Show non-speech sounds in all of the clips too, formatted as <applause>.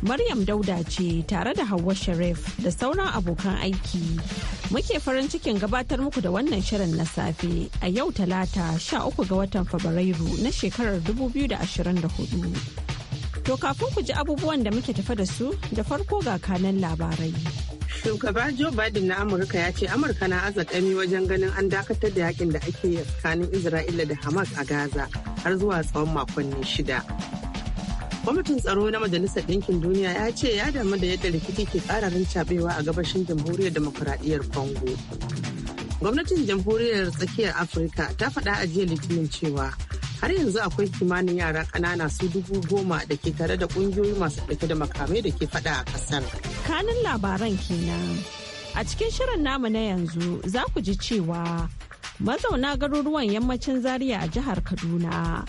Maryam Dauda ce tare da Hauwa Sharif da sauran abokan aiki. Muke farin cikin gabatar muku da wannan shirin na safe a yau talata 13 ga watan Fabrairu na shekarar 2024. To kafin ku ji abubuwan da muke tafa da su da farko ga kanan labarai. Shugaba Joe Biden na Amurka ya ce Amurka na azakami wajen ganin an dakatar da yakin da ake tsakanin Isra'ila da Hamas a Gaza har zuwa tsawon makonni shida. Kwamitin tsaro na Majalisar Ɗinkin Duniya ya ce ya damu da yadda rikici ke ƙara rincaɓewa a gabashin jamhuriyar demokuraɗiyyar Congo. Gwamnatin jamhuriyar tsakiyar Afirka ta faɗa a jiya litinin cewa har yanzu akwai kimanin yara ƙanana su dubu goma da ke tare da ƙungiyoyi masu ɗauke da makamai da ke faɗa a ƙasar. Kanin labaran kenan. A cikin shirin namu na yanzu za ku ji cewa mazauna garuruwan yammacin Zaria a jihar Kaduna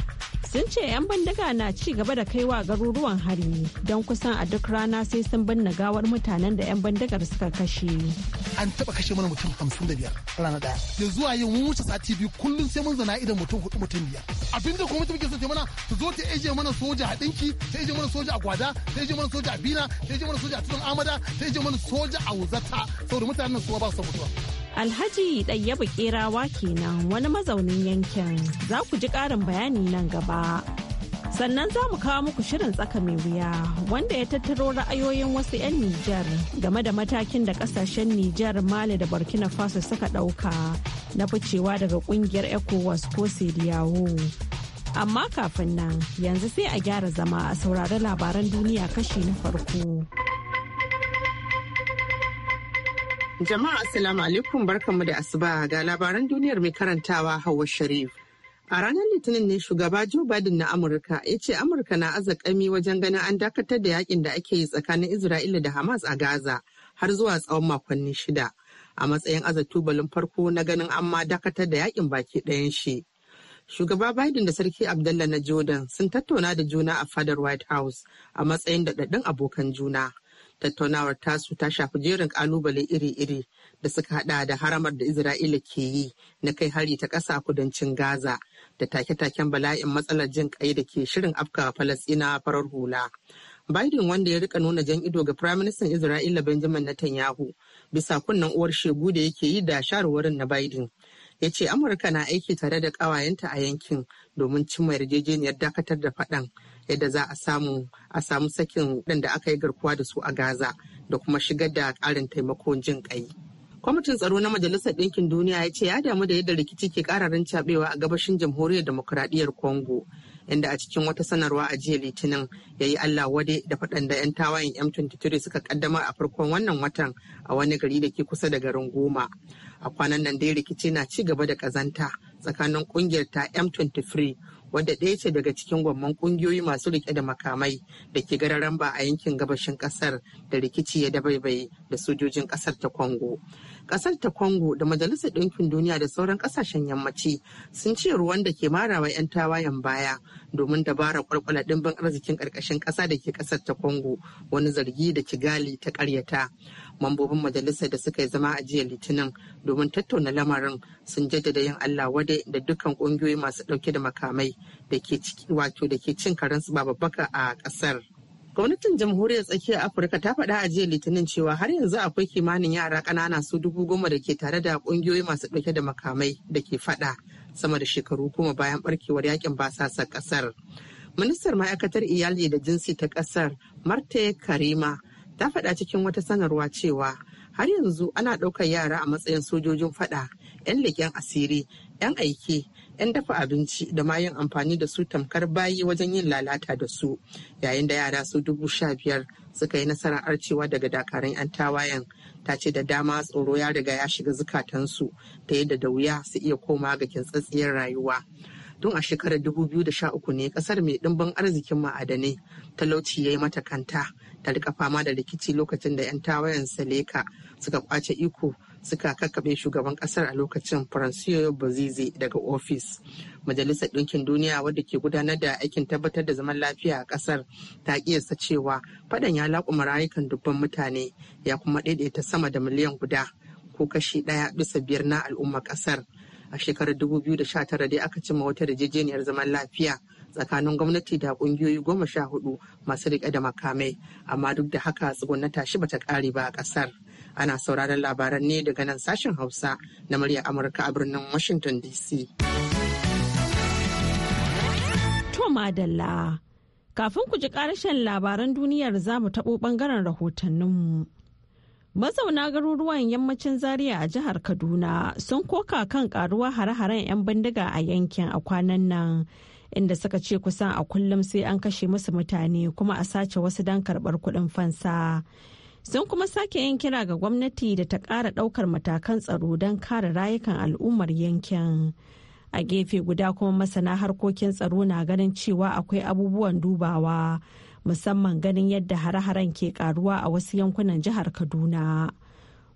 sun ce 'yan bindiga na ci gaba da kaiwa garuruwan hari don kusan a duk rana sai sun binne gawar mutanen da 'yan bindigar suka kashe. An taba kashe mana mutum hamsin da biyar rana daya. Da zuwa yin mun wuce sati biyu kullum sai mun zana idan mutum hudu mutum biyar. Abinda kuma mutum ke so ta mana ta zo ta eje mana soja a dinki, ta eje mana soja a gwada, ta eje mana soja a bina, ta eje mana soja a tudun amada, ta eje mana soja a wuzata saboda mutanen su ba su mutuwa. Alhaji ɗayyaba kerawa kenan wani mazaunin yankin za ku ji ƙarin bayani nan gaba. Sannan za mu kawo muku shirin tsaka mai wuya wanda ya tattaro ra'ayoyin wasu 'yan Nijar game da matakin da ƙasashen Nijar Mali da Burkina Faso suka ɗauka na ficewa daga ƙungiyar ECOWAS ko Sediyawo. Amma kafin nan yanzu sai a gyara zama a saurari labaran duniya kashi na farko. Jama'a Assalamu alaikum barkanmu da asuba ga labaran duniyar mai karantawa Hauwa Sharif. A ranar Litinin ne shugaba Joe Biden na Amurka ya ce Amurka na azakami wajen ganin an dakatar da yakin da ake yi tsakanin Isra'ila da Hamas a Gaza har zuwa tsawon makonni shida. A matsayin azatu balin farko na ganin an ma dakatar da yakin baki ɗayan shi. Shugaba Biden da Sarki Abdullah na Jordan sun tattauna da juna a fadar White House a matsayin daɗaɗɗun abokan juna. tattaunawar tasu ta shafi jerin kalubale iri-iri da suka hada da haramar da isra'ila ke yi na kai hari ta ƙasa kudancin gaza da take-taken bala'in matsalar jin kai da ke shirin afka falasina farar hula biden wanda ya rika nuna jan ido ga firaministan isra'ila benjamin netanyahu bisa kunnen uwar shegu da yake yi da shawarwarin na biden ya ce amurka na aiki tare da kawayenta a yankin domin cimma yarjejeniyar dakatar da faɗan yadda za a samu a samu sakin waɗanda aka yi garkuwa da su a Gaza da kuma shigar da ƙarin taimakon jin ƙai. Kwamitin tsaro na Majalisar Ɗinkin Duniya ya ce ya damu da yadda rikici ke ƙararin caɓewa a gabashin Jamhuriyar Demokuraɗiyyar Congo. inda a cikin wata sanarwa a jiya litinin ya yi Allah wade da faɗan da 'yan tawayen M23 suka kaddamar a farkon wannan watan a wani gari da ke kusa da garin Goma. A kwanan nan dai rikici na ci gaba da ƙazanta tsakanin ƙungiyar ta M23 Wanda ɗaya ce daga cikin gwamman ƙungiyoyi masu riƙe da makamai da ke gararan ramba a yankin gabashin ƙasar da rikici ya dabaibaye da sojojin ƙasar ta kongo Ƙasar ta kongo da Majalisar Ɗinkin Duniya da sauran ƙasashen yammaci sun ce ruwan da ke marawa 'yan tawayen baya domin dabara ƙwarƙwala ɗimbin arzikin ƙarƙashin ƙasa da ke ƙasar ta kongo wani zargi da Kigali ta ƙaryata. mambobin Majalisa da suka yi zama a jiya litinin domin tattauna lamarin sun jaddada yin allah wade da dukkan kungiyoyi masu dauke da makamai da ke ciki wato da ke cin karensu ba babbaka a kasar gwamnatin jamhuriyar tsakiyar afirka ta faɗa a jiya litinin cewa har yanzu akwai kimanin yara ƙanana su dubu goma da ke tare da ƙungiyoyi masu ɗauke da makamai da ke faɗa sama da shekaru kuma bayan barkewar yakin basasar ƙasar ministar ma'aikatar iyali da jinsi ta ƙasar Marta karima ta faɗa cikin wata sanarwa cewa har yanzu ana ɗaukar yara a matsayin sojojin faɗa 'yan leken asiri 'yan aiki 'yan dafa abinci da ma yin amfani da su tamkar bayi wajen yin lalata da su yayin da yara su dubu sha biyar suka yi nasarar arcewa daga dakarun 'yan tawayen ta ce da dama tsoro ya riga ya shiga zukatansu ta yadda da wuya su iya koma ga kintsatsiyar rayuwa tun a shekarar uku ne kasar mai dimbin arzikin ma'adanai talauci ya yi mata kanta ta rika fama da rikici lokacin da 'yan tawayen Seleka suka kwace iko suka kakkaɓe shugaban kasar a lokacin Francois bozizi daga ofis. Majalisar Ɗinkin Duniya wadda ke gudanar da aikin tabbatar da zaman lafiya a ƙasar ta kiyasta cewa fadan ya laƙuma rayukan dubban mutane ya kuma daidaita sama da miliyan guda ko kashi ɗaya bisa biyar na al'ummar ƙasar. A shekarar 2019 dai aka cimma wata yarjejeniyar zaman lafiya tsakanin gwamnati da kungiyoyi goma sha hudu masu rike da makamai amma duk da haka tsugunnata shi bata kare ba a kasar ana sauraron labaran ne daga nan sashen hausa na murya amurka a birnin washington dc kafin ku ji karshen labaran duniyar za mu taɓo ɓangaren mu Mazauna garuruwan yammacin Zaria a jihar Kaduna sun koka kan karuwa hare-haren 'yan bindiga a yankin a kwanan nan inda suka ce kusan a kullum sai an kashe musu mutane kuma a sace wasu don karɓar kuɗin fansa. Sun kuma sake yin kira ga gwamnati da ta ƙara ɗaukar matakan tsaro don kare rayukan al'ummar yankin. A gefe guda kuma masana harkokin tsaro na ganin cewa akwai abubuwan dubawa musamman ganin yadda hare-haren ke karuwa a wasu yankunan jihar Kaduna.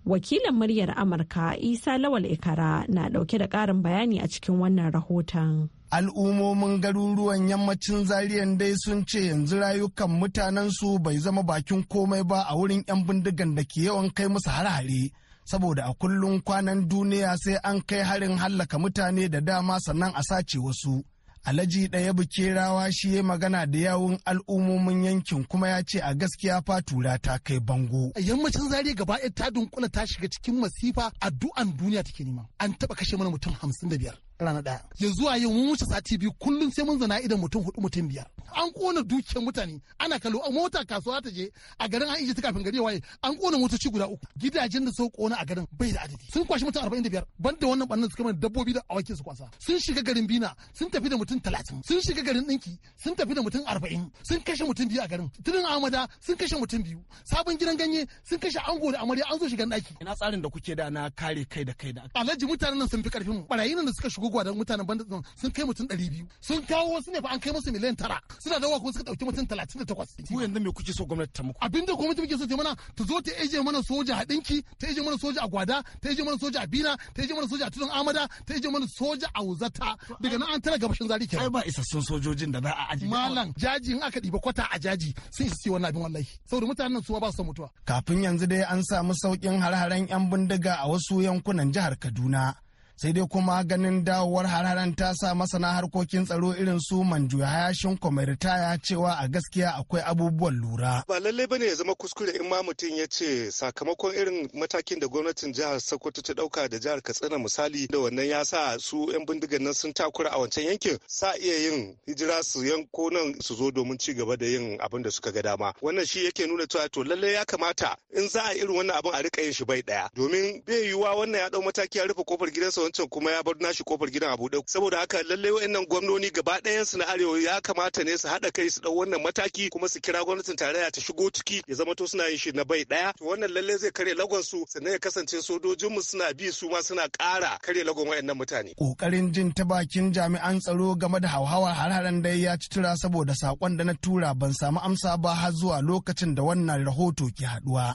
wakilin muryar amurka isa lawal ikara na dauke da karin bayani a cikin wannan rahoton al'ummomin garuruwan yammacin zariyan dai sun ce yanzu rayukan mutanensu bai zama bakin komai ba a wurin 'yan bindigan da ke yawan kai musu hare-hare saboda a kullum kwanan duniya sai an kai harin hallaka mutane da dama sannan a sace wasu Alhaji ɗaya bukerawa shi ya magana da yawun al'ummomin yankin kuma ya ce a gaskiya fatura ta kai bango. Yammacin zari gaba ɗaya ta dunkula ta shiga cikin masifa addu'an duniya take nema. An taɓa kashe mana mutum hamsin da biyar. rana ɗaya yanzu a yau mun wuce sati biyu kullum sai mun zana idan mutum hudu mutum biyar an kona dukiyar mutane ana kallo a mota kasuwa ta je a garin an ije ta kafin gari waye an kona motoci guda uku gidajen da sun kona a garin bai da adadi sun kwashi mutum arba'in da biyar ban da wannan bannan suka mana dabbobi da awakin su kwasa sun shiga garin bina sun tafi da mutum talatin sun shiga garin ɗinki sun tafi da mutum arba'in sun kashe mutum biyu a garin tunin amada sun kashe mutum biyu sabon gidan ganye sun kashe ango da amarya an zo shigan ɗaki. ina tsarin da kuke da na kare kai da kai da alhaji mutanen nan sun fi karfin mu nan da suka shigo agogwa da mutanen banda tsohon sun kai mutum ɗari biyu sun kawo wasu ne fa an kai musu miliyan tara suna da kuma suka ɗauki mutum talatin da takwas. ku yanzu me kuke so gwamnati ta muku. abin da gwamnati muke so ta mana ta zo ta ije mana soja a ɗinki ta ije mana soja a gwada ta ije mana soja a bina ta ije mana soja a tudun amada ta ije mana soja a wuzata daga nan an tara gabashin zari kenan. ai ba isassun sojojin da za a ajiye. malam jaji in aka ɗiba kwata a jaji sun isi wannan abin wallahi saboda mutanen su ba su mutuwa. kafin yanzu dai an samu sauƙin har-haren 'yan bindiga a wasu yankunan jihar kaduna sai dai kuma ganin dawowar hararen ta sa masana harkokin tsaro irin su manju hayashin kwamitaya cewa a gaskiya akwai abubuwan lura ba lallai bane ya zama kuskure in ma mutum ya ce sakamakon irin matakin da gwamnatin jihar sokoto ta dauka da jihar katsina misali da wannan ya sa su yan bindigan nan sun takura a wancan yankin sa iya yin hijira su yanko nan su zo domin ci gaba da yin abin da suka ga dama wannan shi yake nuna cewa to lallai ya kamata in za a irin wannan abin a rika yin shi bai daya domin bai yiwuwa wannan ya dau mataki ya rufe kofar gidansa wancan kuma ya bar nashi kofar gidan a buɗe saboda haka lallai wayannan gwamnoni gaba ɗayan su na arewa ya kamata ne su haɗa kai su ɗau wannan mataki kuma su kira gwamnatin tarayya ta shigo ciki ya zama to suna yin shi na bai daya to wannan lallai zai kare lagon su sannan ya kasance sojojin mu suna bi su ma suna ƙara kare lagon wayannan mutane kokarin jin ta bakin jami'an tsaro game da hauhawar har-haren dai ya ci tura saboda saƙon da na tura ban samu amsa ba har zuwa lokacin da wannan rahoto ke haɗuwa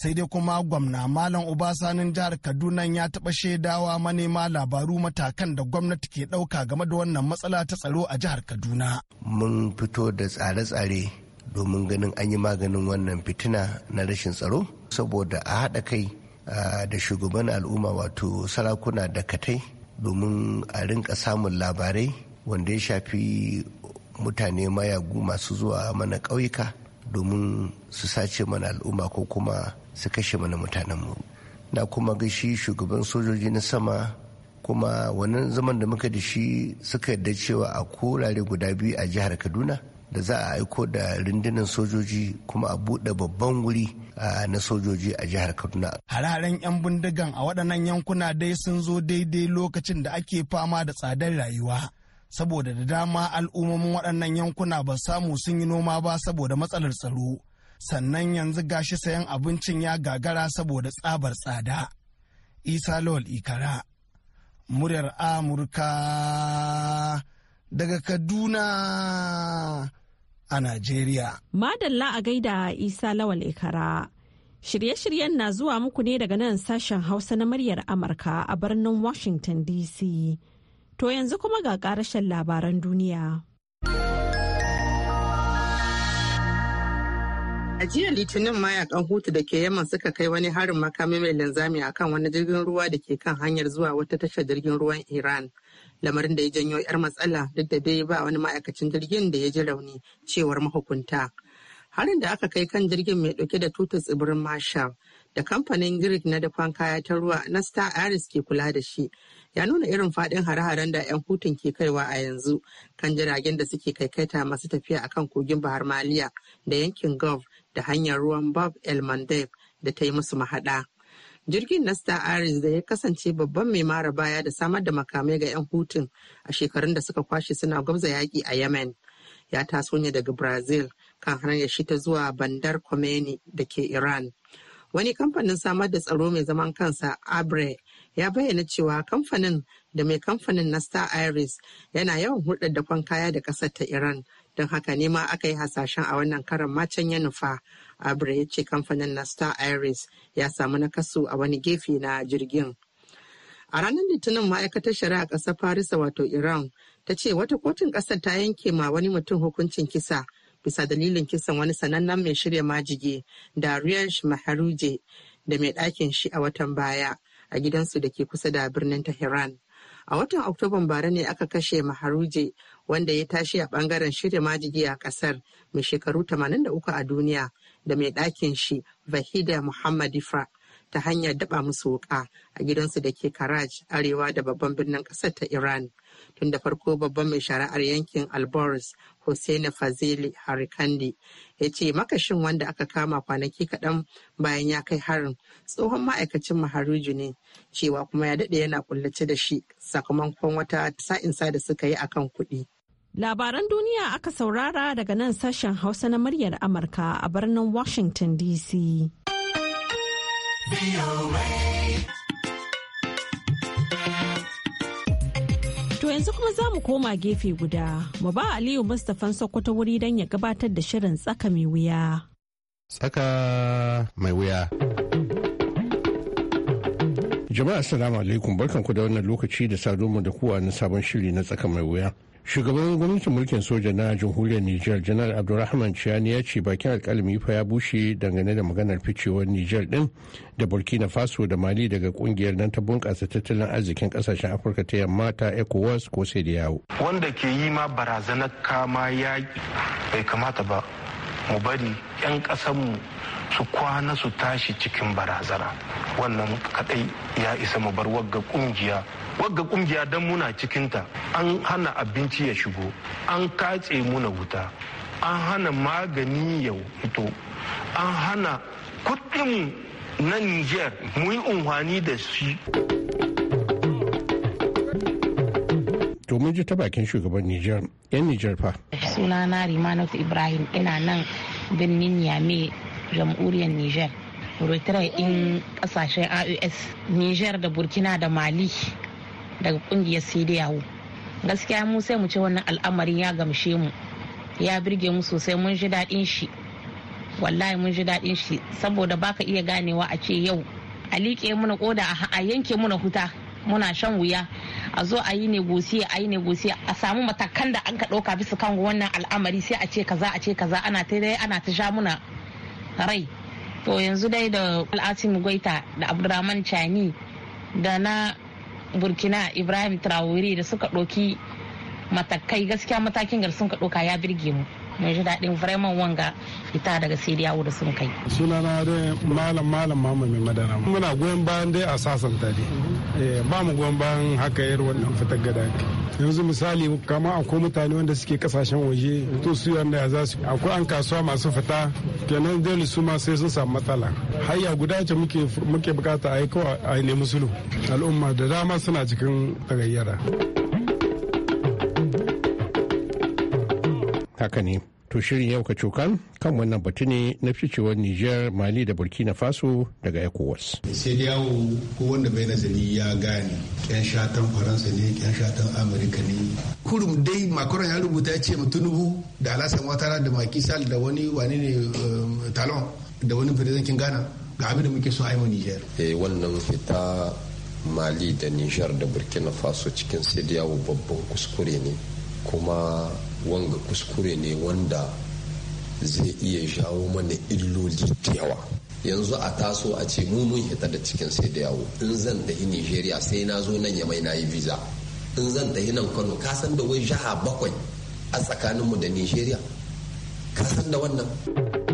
sai dai kuma gwamna malam obasanin jihar kaduna ya taɓa shaidawa manema labaru matakan da gwamnati ke ɗauka game da wannan matsala ta tsaro a jihar kaduna mun fito da tsare-tsare domin ganin an yi maganin wannan fitina na rashin tsaro saboda a haɗa kai da shugaban al'umma wato sarakuna da katai domin a rinka samun labarai wanda ya shafi mutane mayagu masu zuwa mana ƙauyuka domin su sace mana al'umma ko kuma su kashe mana mu na kuma ga shi shugaban sojoji na sama kuma wannan zaman da muka da shi suka yarda cewa a korare guda biyu a jihar kaduna da za a aiko da rundunar sojoji kuma a buɗe babban wuri na sojoji a jihar kaduna hare 'yan bindigan a waɗannan yankuna dai sun zo daidai lokacin da ake fama da tsadar rayuwa saboda da dama al'ummomin waɗannan yankuna ba samu sun yi noma ba saboda matsalar tsaro sannan yanzu gashi sayan abincin ya gagara saboda tsabar tsada isa lawal ikara muryar amurka daga kaduna a najeriya madalla a gaida isa lawal ikara shirye-shiryen na zuwa muku ne daga nan sashen hausa na muryar amurka a birnin washington dc to yanzu kuma ga karashen labaran duniya A jiya Litinin mayakan Hutu da ke yamma suka kai wani harin makami mai linzami kan wani jirgin ruwa da ke kan hanyar zuwa wata tashar jirgin ruwan Iran. Lamarin da ya janyo 'yar matsala duk da dai ba wani ma'aikacin jirgin da ya ji rauni cewar mahukunta. Harin da aka kai kan jirgin mai dauke da tutar tsibirin Marshall da kamfanin Greek na dafan kaya ta ruwa na Star Aris ke kula da shi ya nuna irin faɗin hare-haren da 'yan hutun ke kaiwa a yanzu kan jiragen da suke kaikaita masu tafiya akan kogin Bahar Maliya da yankin Gulf da hanyar ruwan bob El Mandeb da ta yi musu mahaɗa. Jirgin na Star Aris da ya kasance babban mai mara baya da samar da makamai ga 'yan hutun a shekarun da suka kwashe suna gwamza yaƙi a Yemen. Ya taso ne daga Brazil kan hanyar shi ta zuwa Bandar Khomeini da ke Iran. Wani kamfanin samar da tsaro mai zaman kansa Abre ya bayyana cewa kamfanin da mai kamfanin na Star Iris yana yawan hulɗar da kwan kaya da ƙasar ta Iran don haka ne ma aka yi hasashen a wannan karan macen ya nufa abra ya ce kamfanin na star iris ya samu nakasu a wani gefe na jirgin a ranar litinin ma'aikatar shari'a ƙasar paris wato iran ta ce wata kotun ƙasar ta yanke ma wani mutum hukuncin kisa bisa dalilin kisan wani sanannen mai shirya majige da riyash maharuje da mai ɗakin shi a watan baya a gidansu da ke kusa da birnin tehran a watan oktoban bara ne aka kashe maharuje wanda ya tashi a bangaren shirya majigi a kasar mai shekaru 83 a duniya da mai ɗakin shi vahida muhammad ifra ta hanyar daba musu wuka a gidansu da ke karaj arewa da babban birnin kasar ta iran tun da farko babban mai shari'ar yankin alboros hussein fazili harikandi ya ce makashin wanda aka kama kwanaki kaɗan bayan ya kai harin tsohon ma'aikacin maharuju ne cewa kuma ya daɗe yana kullace da shi sakamakon wata sa'insa da suka yi akan kuɗi Labaran duniya aka saurara daga nan sashen Hausa na muryar Amurka a birnin Washington DC. To yanzu kuma za mu koma gefe guda, mu ba Aliyu Mustapha Sokoto wuri don ya gabatar da shirin tsaka mai wuya. Tsaka mai wuya. Jama'a assalamu alaikum barkanku da wannan lokaci da saduwa da kuwa na sabon shiri na tsaka mai wuya. Shugaban gwamnatin mulkin soja na jamhuriyar Nijar Janar Abdulrahman Chiani ya ce bakin alkalami fa ya bushe dangane da maganar ficewar Nijar din da Burkina Faso da Mali daga kungiyar nan ta bunƙasa tattalin arzikin kasashen Afirka ta yamma ta ECOWAS ko sai da yawo. Wanda ke yi ma barazanar kama yaƙi bai kamata ba mu bari 'yan ƙasanmu su kwana su tashi cikin barazana wannan kadai ya isa mu bar wagga kungiya wagga kungiya don muna cikinta an hana abinci ya shigo an katse muna wuta an hana magani ya fito an hana kudin na niger mu yi unhwani da shi. mun ta bakin shugaban Nijar yan Nijar fa na Rimanat Ibrahim ina nan birnin Niamey jamhuriyar Nijar Eritrea in kasashen AUS Nijar da Burkina da Mali daga kungiyar Sidiyawo. gaskiya mu sai mu ce wannan al'amarin ya gamshe mu ya birge mu sosai mun ji daɗin shi wallahi mun ji daɗin shi saboda baka iya ganewa a ce yau a liƙe muna koda a yanke muna huta muna shan wuya a zo a yi negosiya a yi negosiya a samu matakan da an ka ɗauka bisa kan wannan al'amari sai a ce kaza a ce kaza ana ta dai ana ta sha muna rai to yanzu dai da al'asim goita da abdurrahman chani da na burkina ibrahim traore da suka ɗauki matakai gaskiya matakin gar sun ka ɗauka ya birge mu mai ji daɗin vraiment wanga ita daga sai yawo da sun kai sunana dai malam malam mama mai madara muna goyon bayan dai a sasan tare eh, ba mu goyon bayan haka yar wannan fitar gada yanzu misali kama akwai mutane wanda suke kasashen waje to su yanda za su akwai an kasuwa masu fita kenan dole su ma sai sun samu matsala hayya guda ce muke bukata a yi kawai a nemi sulu al'umma da dama suna cikin tagayyara. haka ne to shirin yau ka cokan kan wannan batu ne na ficewar niger mali da burkina faso daga ecowas sai da yawo ko wanda bai nazari ya gane yan shatan faransa ne yan shatan amurka ne kurum dai makaron ya rubuta ya ce mutunubu da alasan watara da makisal da wani wani ne um, talon da wani firizancin ghana ga abin da muke so a niger eh wannan fita mali da niger da burkina faso cikin sai yawo babban kuskure ne kuma wanga kuskure ne wanda zai iya jawo mana illoli da yawa yanzu a taso a ce mu mun hita da cikin sai da yawo in zan tafi nigeria sai na zo nan yamai na yi visa in zan tafi nan kano ka san da wai jaha bakwai a tsakaninmu da nigeria ka san da wannan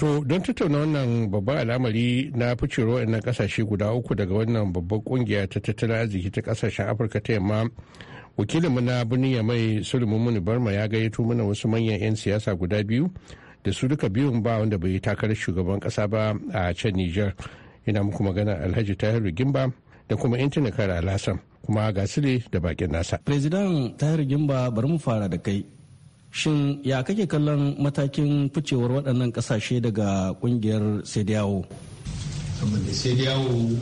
To don tattauna wannan babban al'amari na ficewar na kasashe guda uku daga wannan babban kungiya ta tattalin arziki ta kasashen Afirka ta yamma wakilinmu na birnin ya mai Muni Barma ya gayyato mana wasu manyan 'yan siyasa guda biyu da su duka biyun ba wanda bai takarar shugaban kasa ba a can Nijar. Ina muku magana Alhaji tahir Gimba da kuma intanet kara Alhassan kuma ga da bakin nasa. President tahir Gimba bari mu fara da kai. shin ya kake kallon matakin ficewar waɗannan ƙasashe daga ƙungiyar sediyawo saboda sediyawo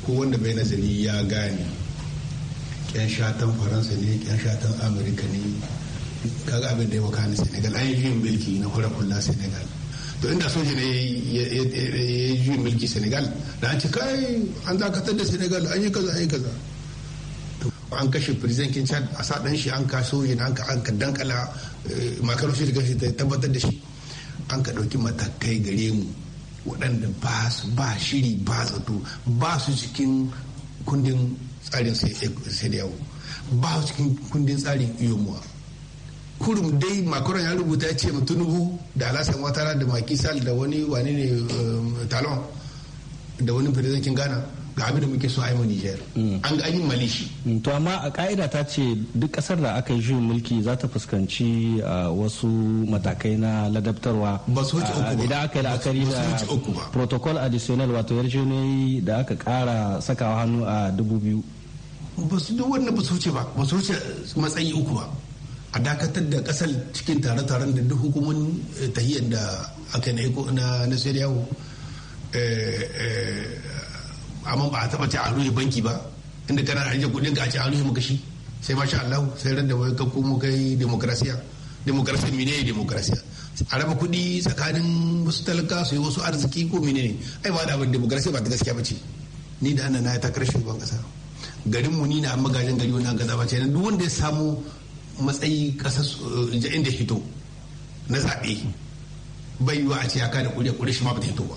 ko wanda bai nazari ya gane ƙyan shatan faransa ne ƙyan shatan amurka ne kaga abin da ya waka na senegal an yi juyin mulki na kura kula senegal to inda soja ne ya yi juyin mulki senegal da an ci kai an dakatar da senegal an yi kaza an yi kaza an kashe kin chad a sa dan shi an ka soji an ka an ka dankala eh, makarar shi shi ta tabbatar da shi an ka ɗauki matakai gare mu waɗanda ba su ba shiri ba zato ba su cikin kundin tsarin sai da yawo ba su cikin kundin tsarin iyomuwa kurum dai makaron ya rubuta ya ce mutunubu da alasan watara da makisal da wani wani ne eh, talon da wani kin ghana ga abin da muke so a yi Niger mm. an ga yi malishi mm, to amma a ka'ida ta ce duk kasar da aka yi juyin mulki za ta fuskanci wasu matakai na ladabtarwa ba su wuce uku idan aka yi la'akari da protocol additional wato yarjejeniyoyi da aka kara sakawa hannu a dubu biyu ba su duk wannan ba su wuce ba ba su wuce matsayi uku ba a dakatar da kasar cikin tare-taren da duk hukumin eh, tahiyyar da aka na na na amma ba a taba ce a rufe banki ba inda kana ajiye kudin ka a ce a rufe maka shi sai masha Allah sai ran da wai ka komo kai demokrasiya demokrasiya mine ne demokrasiya a raba kuɗi tsakanin wasu talaka su yi wasu arziki ko mine ne ai ba da ban demokrasiya ba ta gaskiya ba ce ni da ana na ta karshe ban kasa garin mu ni na magajin gari wannan gaza ba ce duk wanda ya samu matsayi kasa inda hito na zaɓe bai yiwa a ce ya kada kuriya kuriya shi ma ba ta hito ba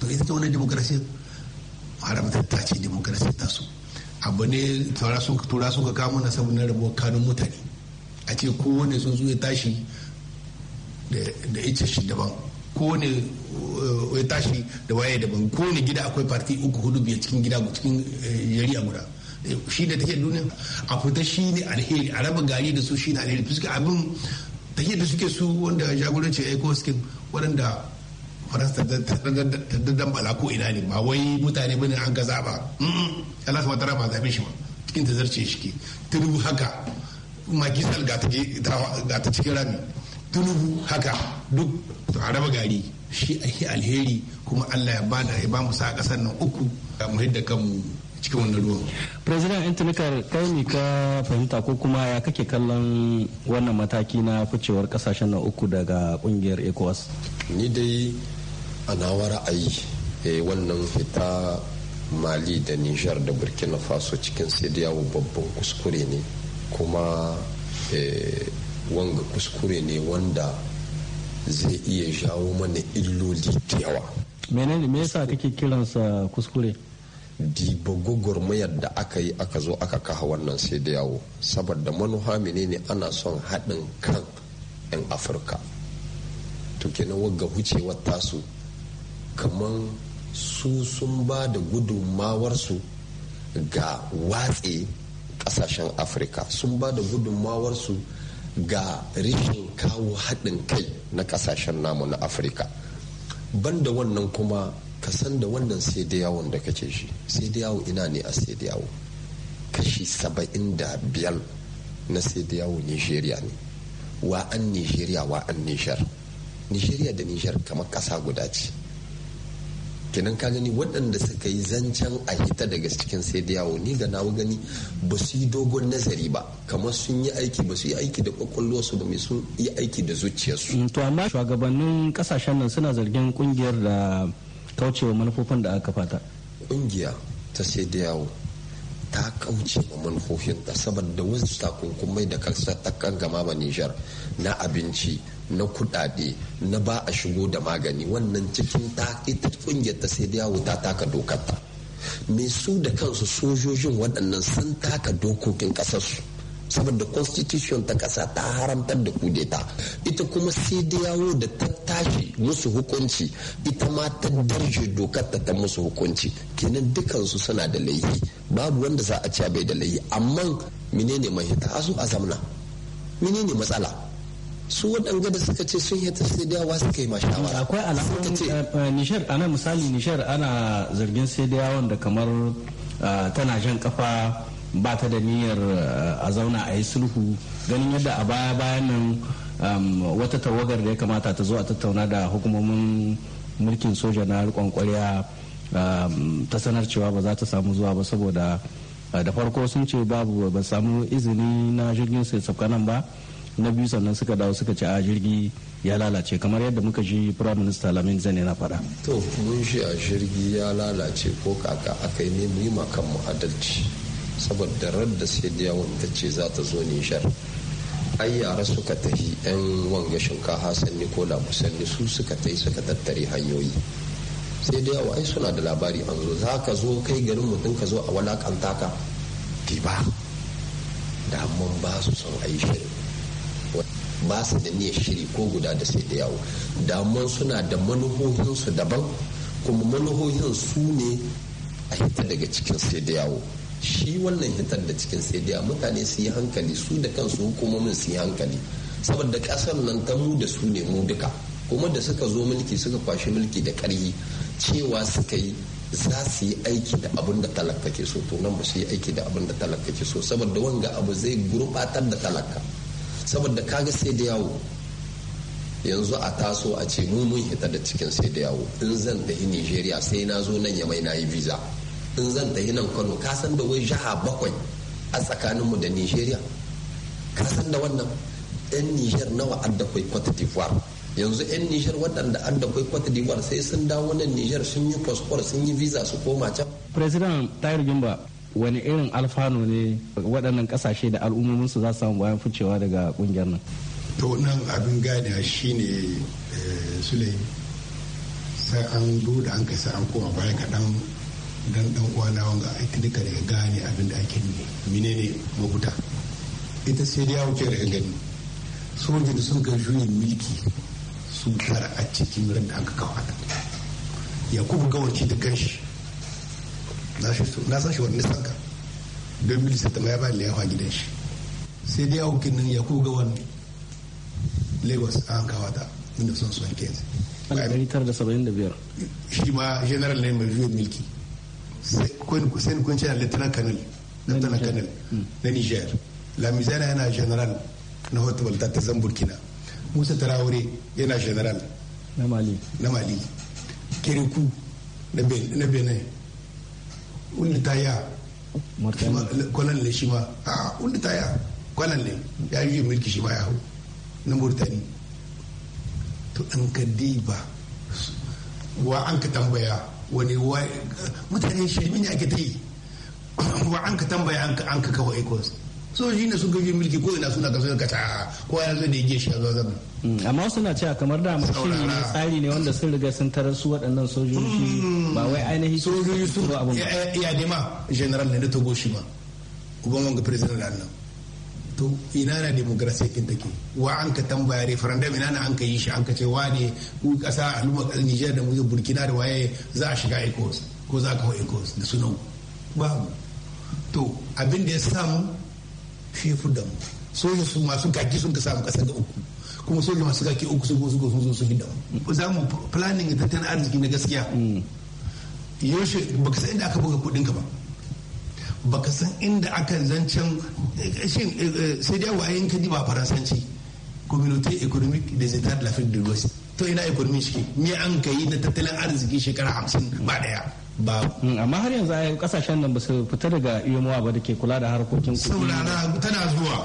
to ita ce wani demokrasiya haramtar ta ce demokarasi ta abu ne tura suka kama na saboda rabuwar kanun mutane a ce kowane tsuntsu ya tashi da ice shi daban kowane eh, ya tashi da waye daban kowane gida akwai parti uku hudu biyar cikin gida cikin eh, yari a guda eh, shi ne take duniya a fita shi ne alheri a raba gari da su shi ne alheri fuska abin take da suke su wanda jagoranci ya aiko suke waɗanda faransa ta bala ko ina ne ba wai mutane bane an gaza ba Allah sama tara ba zaɓe shi ba cikin tazarce shi ke tunubu haka makisal ga ta cikin rami tunubu haka duk a raba gari shi alheri kuma Allah ya bada ya ba mu sa kasar nan uku ga mu hidda kanmu cikin wannan ruwan. President Intanikar kai ne ka fahimta ko kuma ya kake kallon wannan mataki na ficewar kasashen nan uku daga kungiyar ECOWAS? Ni dai a nawa ra'ayi eh, wannan fita mali da nijar da burkina faso cikin sediyawo babban kuskure ne kuma eh, wanga kuskure ne wanda zai iya jawo mana illoli da yawa menene me yasa kake kiransa kuskure diba mayar da aka yi aka zo aka kaha wannan sai da yawo saboda manuha menene ana son haɗin kan 'yan afirka to kenan wagga hucewar tasu kamar su sun ba da gudunmawarsu ga watse kasashen afirka sun ba da gudunmawarsu ga rikin kawo haɗin kai na kasashen namu na afirka banda wannan kuma ka san da wannan sai da yawon da kake shi sai da yawo ina ne a sai da yawo kashi saba'in da biyar na sai da yawo nigeria ne wa'an an nigeria wa an nijar nigeria da nijar kamar ƙasa guda ce kenan ka gani waɗanda suka yi zancen a hita daga cikin sai da yawo ni ga nawa gani ba su yi dogon nazari ba kamar sun yi aiki ba su yi aiki da su ba mai sun yi aiki da zuciyarsu. to amma shugabannin kasashen nan suna zargin kungiyar da kaucewa manufofin da aka fata. kungiya ta sai da yawo ta kauce wa manufofinta saboda wasu takunkumai da kasar ta kan gama ba nijar na abinci na kudade na ba a shigo da magani wannan cikin ta ita kungiyar ta sai ta taka dokar ta me su da kansu sojojin waɗannan sun taka dokokin ƙasarsu saboda constitution ta ƙasa ta haramtar da kudeta ita kuma sai yawo da ta tashi musu hukunci ita ma ta darje dokar ta ta musu hukunci kenan dukansu suna da laifi babu wanda za a ce bai da laifi amma menene mahita a a zamna menene matsala su waɗanda da suka ce sun yata sai dawa suka yi mashawara akwai alamun eh, eh, nishar ana misali nishar ana zargin sai da kamar eh, tana jan kafa ba ta da niyyar a zauna a yi sulhu ganin yadda a baya bayan nan wata tawagar da ya kamata ta zo a tattauna da hukumomin mulkin soja na rikon kwarya ta sanar cewa ba za ta samu zuwa ba saboda da farko sun ce babu ba samu izini na jirgin sai nan ba na biyu sannan suka dawo suka ci a jirgi ya lalace kamar yadda muka ji prime minister lamin zane na faɗa. to mun shi a jirgi ya lalace ko kaka aka yi ne mu yi mu adalci saboda radda sai da yawon ta ce za ta zo nishar ai yara suka tafi yan wanga shinkafa sanni ko lamusanni su suka tafi suka tattare hanyoyi sai da yawa ai suna da labari an zo za ka zo kai garin mutum ka zo a walakanta ka ba da mun ba su son aishin ba su da niyyar shiri ko guda da sai da yawo damuwan suna da manuhohinsu daban kuma manuhohin su ne a hitar daga cikin sai da yawo shi wannan hitar da cikin sai da mutane su yi hankali su da kansu hukumomin su yi hankali saboda kasar nan ta mu da su ne mu duka kuma da suka zo mulki suka kwashi mulki da karhi cewa suka yi za su yi aiki da abin da talaka ke so to nan ba su yi aiki da abin da talaka ke so saboda wanga abu zai gurbatar da talaka saboda kaga sai da yawo yanzu a taso a ce mu mun hita da cikin sai da yawo in zan tafi nigeria sai na zo nan ya mai na yi visa in zan tafi nan kano ka san da wai jaha bakwai a tsakaninmu da nigeria ka san da wannan yan niger nawa an da kwai cote d'ivoire yanzu yan niger waɗanda an da kwai cote d'ivoire sai sun dawo nan niger sun yi passport sun yi visa su koma can president tayar Jumba. wani irin alfano ne waɗannan ƙasashe da al'ummominsu za su samu bayan ficewa daga ƙungiyar nan to nan abin gane shi ne eh, sulai sai an duda an kai sai an koma baya kaɗan dan dan uwana wanga aiki duka daga gane abin da ake ne ne mabuta ita sai dai ya wuce daga gani soji da sun ga juyin milki sun tara a cikin ran da aka kawo a ya kuma Gawarci da kanshi na san shi wani nisan ka don milisa ta ya bani gidan shi sai dai yawon kinin ya koga wani lagos a an kawata inda son son kenzi shi ma general ne mai juyar milki sai kun ce na lieutenant colonel lieutenant colonel na niger lamizana mm. yana general na hotel ta ta zan burkina musa tarawore yana general na mali na mali kiriku na benin wanda ta ya kwanan ne shi ma a wanda ta ya kwanan ne ya yi mulki shi ma ya hau na murtani to an ka ba wa an ka tambaya wani wa mutane shirmi ne ake ta yi <coughs> wa an ka tambaya an ka kawo So sojoji ne sun gaji mulki ko ina suna kaso da ka kowa ya zo da ya ge shi a zuwa zama Mm, amma wasu na cewa kamar da shiri ne tsari ne wanda sun riga sun tarar su waɗannan sojoji mm. ba wai ainihin sojoji su ba abin ya ne ma general ne da togo shi ma uban wanga president da annan to ina na demokrasiya kin take wa an ka tambaya referendum ina na an ka yi shi an ka ce wane ku kasa al'umma kasar Niger da mu Burkina da waye za a shiga ECOWAS ko za ka hau ECOWAS da sunan babu to abin da ya samu shi fi damu soja su masu gaji sun ka samu kasar da uku kuma sai ga masu kake uku su zo sun su hinda za mu planning tattalin arziki na gaskiya hmm. yaushe baka san inda aka buga kudinka ba baka san inda aka zancen eh, shin eh, eh, sai dai wayan kadi ba faransanci communauté économique des états de l'Afrique de l'Ouest to ina economy shi me an kai na tattalin arziki shekara 50 ba daya ba hmm, amma har yanzu ai kasashen nan ba su fita daga yomowa ba da ke kula da harkokin kudi saurara tana zuwa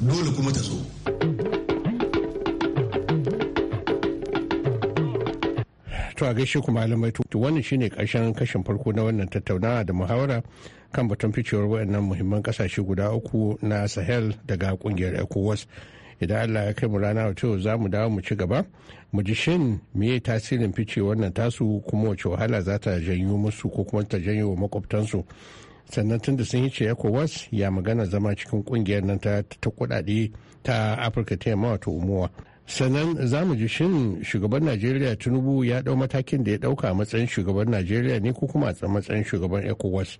dole kuma ta zo To a gaishe ku malamai to wannan shine karshen kashin farko na wannan tattaunawa da muhawara kan batun ficewar wayannan muhimman kasashe guda uku na Sahel daga kungiyar ECOWAS. Idan Allah ya kai mu rana wato za mu dawo mu ci gaba mu ji shin meye tasirin fice wannan tasu kuma wace wahala za ta janyo musu ko kuma ta janyo wa makwabtansu. sannan tun da sun yi ce ECOWAS ya magana zama cikin kungiyar nan ta kudade ta Afirka ta yamma wato umuwa sannan za mu ji shin shugaban najeriya tinubu ya dau matakin da ya dauka a matsayin shugaban najeriya ne ko kuma a matsayin shugaban ecowas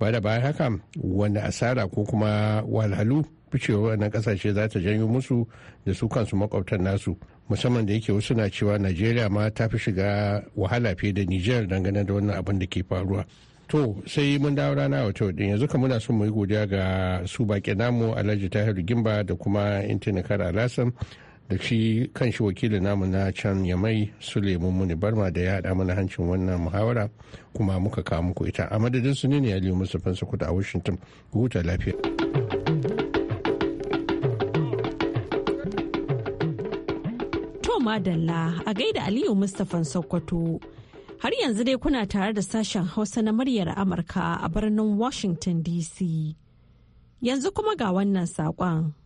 ba da bayan haka wanda asara ko kuma walhalu ficewa wannan kasashe za ta janyo musu da su kansu makwabtan nasu musamman da yake wasu na cewa najeriya ma ta fi shiga wahala fiye da niger dangane da wannan abin da ke faruwa to sai mun dawo rana wata wadin yanzu ka muna son mu yi godiya ga su baƙi namu alhaji tahiru gimba da kuma intanet kara alasan da shi kan shi wakilin namu na can ya yamai suleiman muni barma da ya haɗa mana hancin wannan muhawara kuma muka kawo muku ita a madadin su ne ne aliyu mustapha sakuta a washington huta lafiya to madalla a gaida aliyu mustapha sokoto har yanzu dai kuna tare da sashen hausa na muryar amurka a birnin washington dc yanzu kuma ga wannan saƙon.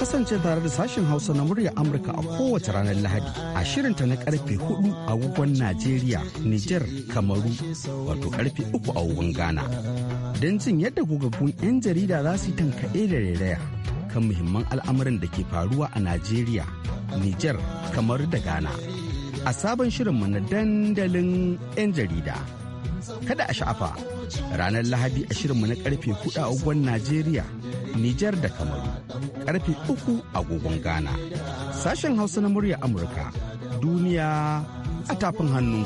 kasance tare da sashen Hausa na murya Amurka a kowace ranar Lahadi a shirinta na karfe 4 agogon Najeriya, Nijar, Kamaru, wato karfe 3 agogon Ghana. Don jin yadda gugagun 'yan jarida za su yi tankaɗe da rairaya kan muhimman al'amuran da ke faruwa a Najeriya, Nijar, Kamaru da Ghana. A sabon shirinmu na dandalin 'yan jarida. Kada a sha'afa ranar lahadi a shirinmu na karfe 4 agogon najeriya nijar da kamaru karfe 3 agogon ghana sashen hausa na murya amurka duniya a tafin hannu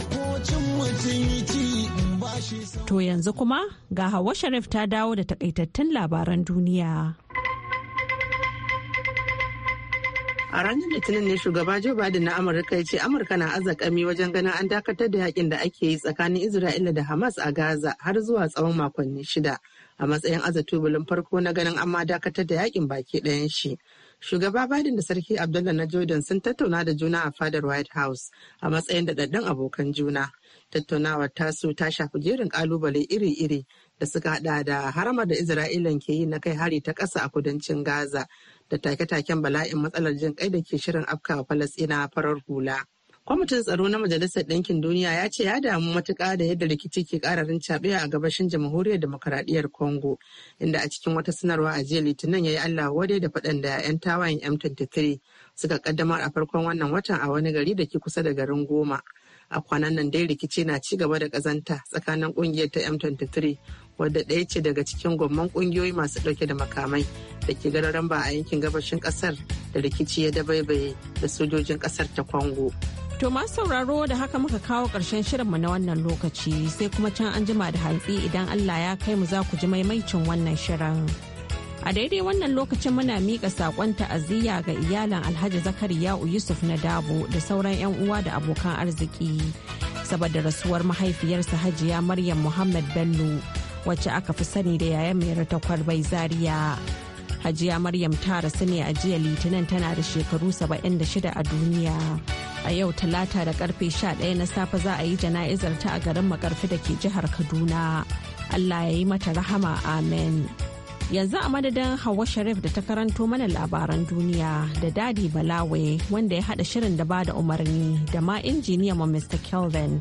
to yanzu kuma ga hawa sharif ta dawo da takaitattun labaran duniya A ranar Litinin ne shugaba Joe Biden na Amurka ya ce Amurka na azakami wajen ganin an dakatar da yakin da ake yi tsakanin Isra'ila da Hamas a Gaza har zuwa tsawon makonni shida a matsayin azatubulin farko na ganin an dakatar da yakin baki ɗayan shi. Shugaba Biden da Sarki Abdullah na Jordan sun tattauna da juna a fadar White House a matsayin daɗaɗɗun abokan juna. Tattaunawar tasu ta shafi jerin ƙalubale iri-iri da suka haɗa da haramar da Isra'ilan ke yi na kai hari ta ƙasa a kudancin Gaza da take-taken bala'in matsalar jin kai da ke shirin afkawa falasina farar hula kwamitin tsaro na majalisar ɗinkin duniya ya ce ya damu matuka da yadda rikici ke ƙararin caɓe a gabashin jamhuriyar demokaradiyyar congo inda a cikin wata sanarwa a jiya litinin ya yi allah wadai da faɗan da 'yan tawayen m23 suka ƙaddamar a farkon wannan watan a wani gari da ke kusa da garin goma a kwanan nan dai rikici na ci gaba da ƙazanta tsakanin ƙungiyar ta m23 wadda ɗaya ce daga cikin gwamman ƙungiyoyi masu ɗauke da makamai da ke gararan ba a yankin gabashin ƙasar da rikici ya dabaibaye da sojojin ƙasar ta kwango To ma sauraro da haka muka kawo ƙarshen shirinmu na wannan lokaci sai kuma can an jima da hantsi idan Allah ya kai mu za ku ji maimaicin wannan shirin. A daidai wannan lokacin muna miƙa saƙon ta'aziyya ga iyalan Alhaji Zakariya Yusuf na Dabo da sauran 'yan uwa da abokan arziki saboda rasuwar mahaifiyarsa Hajiya Maryam Muhammad Bello. wacce aka fi sani da yayan mai ta kwarbai zaria hajiya maryam ta rasu ne a jiya litinin tana da shekaru 76 a duniya a yau talata da karfe 11 na safe za a yi jana'izar ta a garin makarfi da ke jihar kaduna allah ya yi mata rahama amen yanzu a madadin hawa sharif da ta karanto mana labaran duniya da dadi balawe wanda ya hada shirin da ba da umarni da ma injiniya ma mr kelvin